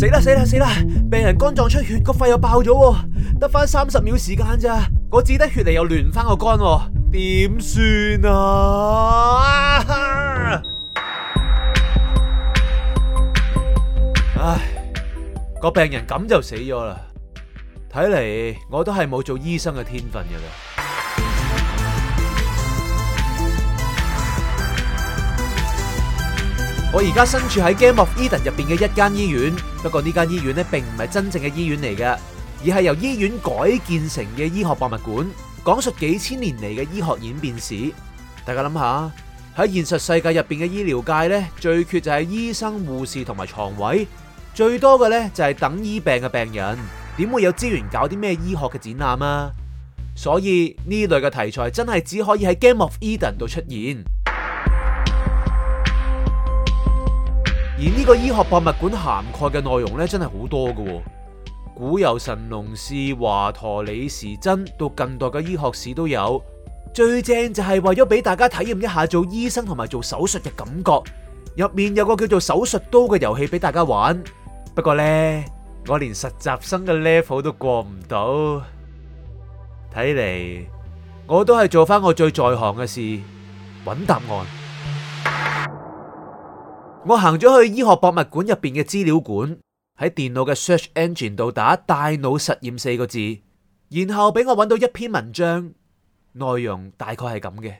死啦死啦死啦！病人肝臟出血，個肺又爆咗，得返三十秒時間咋？我止得血嚟，又聯唔返個肝，點算啊，啊？唉，個病人咁就死咗啦，睇嚟我都係冇做醫生嘅天分嘅啦。我而家身處喺《Game of Eden》入邊嘅一間醫院，不過呢間醫院呢，並唔係真正嘅醫院嚟嘅，而係由醫院改建成嘅醫學博物館，講述幾千年嚟嘅醫學演變史。大家諗下，喺現實世界入邊嘅醫療界呢，最缺就係醫生、護士同埋床位，最多嘅呢，就係等醫病嘅病人，點會有資源搞啲咩醫學嘅展覽啊？所以呢類嘅題材真係只可以喺《Game of Eden》度出現。而呢個醫學博物館涵蓋嘅內容呢，真係好多㗎喎。古由神農氏、華佗、李時珍，到近代嘅醫學史都有。最正就係為咗俾大家體驗一下做醫生同埋做手術嘅感覺，入面有個叫做手術刀嘅遊戲俾大家玩。不過呢，我連實習生嘅 level 都過唔到，睇嚟我都係做翻我最在行嘅事，揾答案。我行咗去醫學博物館入邊嘅資料館，喺電腦嘅 search engine 度打“大腦實驗”四個字，然後俾我揾到一篇文章，內容大概係咁嘅：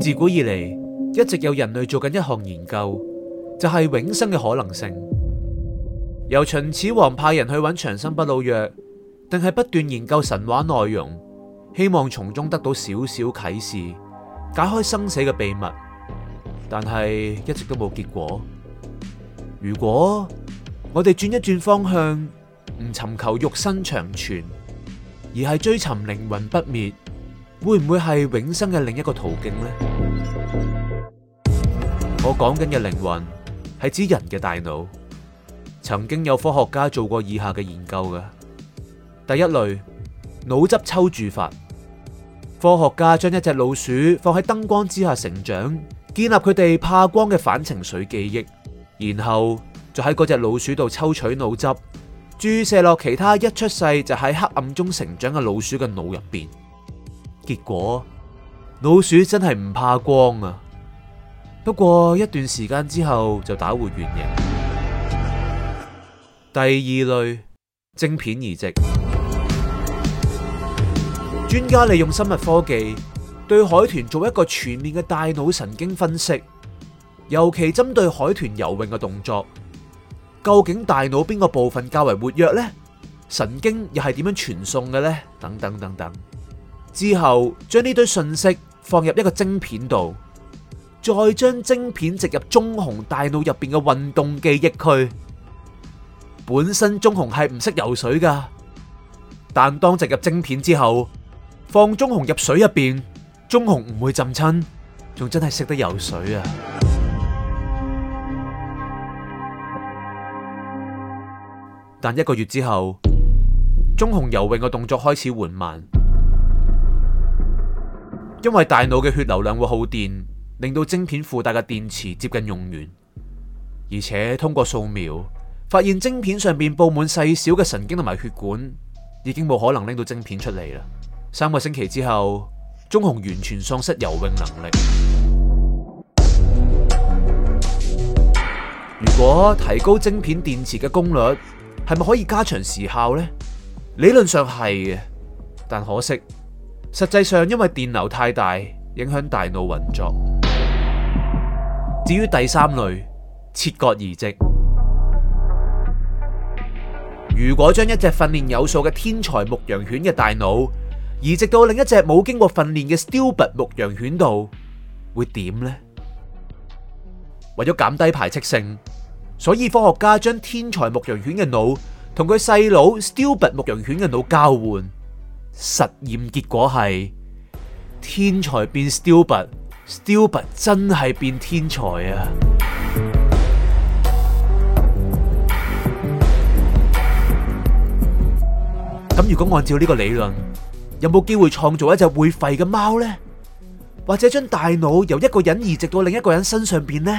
自古以嚟一直有人類做緊一項研究，就係永生嘅可能性。由秦始皇派人去揾長生不老藥，定係不斷研究神話內容，希望從中得到少少啟示。解開生死嘅秘密，但係一直都冇結果。如果我哋轉一轉方向，唔尋求肉身長存，而係追尋靈魂不滅，會唔會係永生嘅另一個途徑呢？我講緊嘅靈魂係指人嘅大腦。曾經有科學家做過以下嘅研究嘅：第一類，腦汁抽注法。科學家將一隻老鼠放喺燈光之下成長，建立佢哋怕光嘅反情緒記憶，然後就喺嗰隻老鼠度抽取腦汁，注射落其他一出世就喺黑暗中成長嘅老鼠嘅腦入邊。結果，老鼠真係唔怕光啊！不過一段時間之後就打回原形。第二類，晶片移植。專家利用生物科技，對海豚做一個全面嘅大腦神經分析，尤其針對海豚游泳嘅動作，究竟大腦邊個部分較為活躍呢？神經又係點樣傳送嘅呢？等等等等。之後將呢堆訊息放入一個晶片度，再將晶片植入棕熊大腦入面嘅運動記憶區。本身棕熊係唔識游水噶，但當植入晶片之後。放棕熊入水入邊，棕熊唔會浸親，仲真係識得游水啊！但一個月之後，棕熊游泳嘅動作開始緩慢，因為大腦嘅血流量會耗電，令到晶片附帶嘅電池接近用完。而且通過掃描，發現晶片上邊佈滿細小嘅神經同埋血管，已經冇可能拎到晶片出嚟啦。三個星期之後，棕熊完全喪失游泳能力。如果提高晶片電池嘅功率，係咪可以加長時效呢？理論上係嘅，但可惜，實際上因為電流太大，影響大腦運作。至於第三類，切割移植，如果將一隻訓練有素嘅天才牧羊犬嘅大腦，移植到另一隻冇經過訓練嘅 Stupid 牧羊犬度，會點呢？為咗減低排斥性，所以科學家將天才牧羊犬嘅腦同佢細佬 Stupid 牧羊犬嘅腦交換。實驗結果係天才變 Stupid，Stupid 真係變天才啊！咁如果按照呢個理論，有冇機會創造一隻會吠嘅貓呢？或者將大腦由一個人移植到另一個人身上邊呢？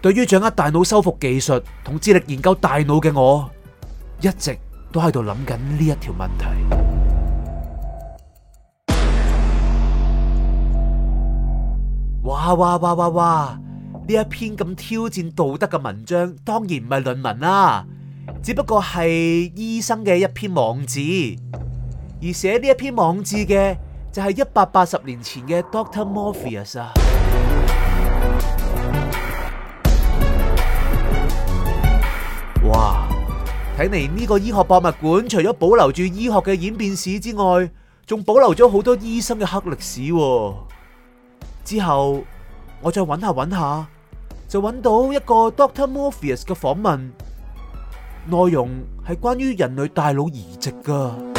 對於掌握大腦修復技術同智力研究大腦嘅我，一直都喺度諗緊呢一條問題。嘩嘩嘩嘩嘩！呢一篇咁挑戰道德嘅文章，當然唔係論文啦，只不過係醫生嘅一篇網誌。而寫呢一篇網誌嘅就係一百八十年前嘅 Doctor Morphius 啊！哇，睇嚟呢個醫學博物館除咗保留住醫學嘅演變史之外，仲保留咗好多醫生嘅黑歷史。之後我再搵下搵下，就搵到一個 Doctor Morphius 嘅訪問，內容係關於人類大腦移植㗎。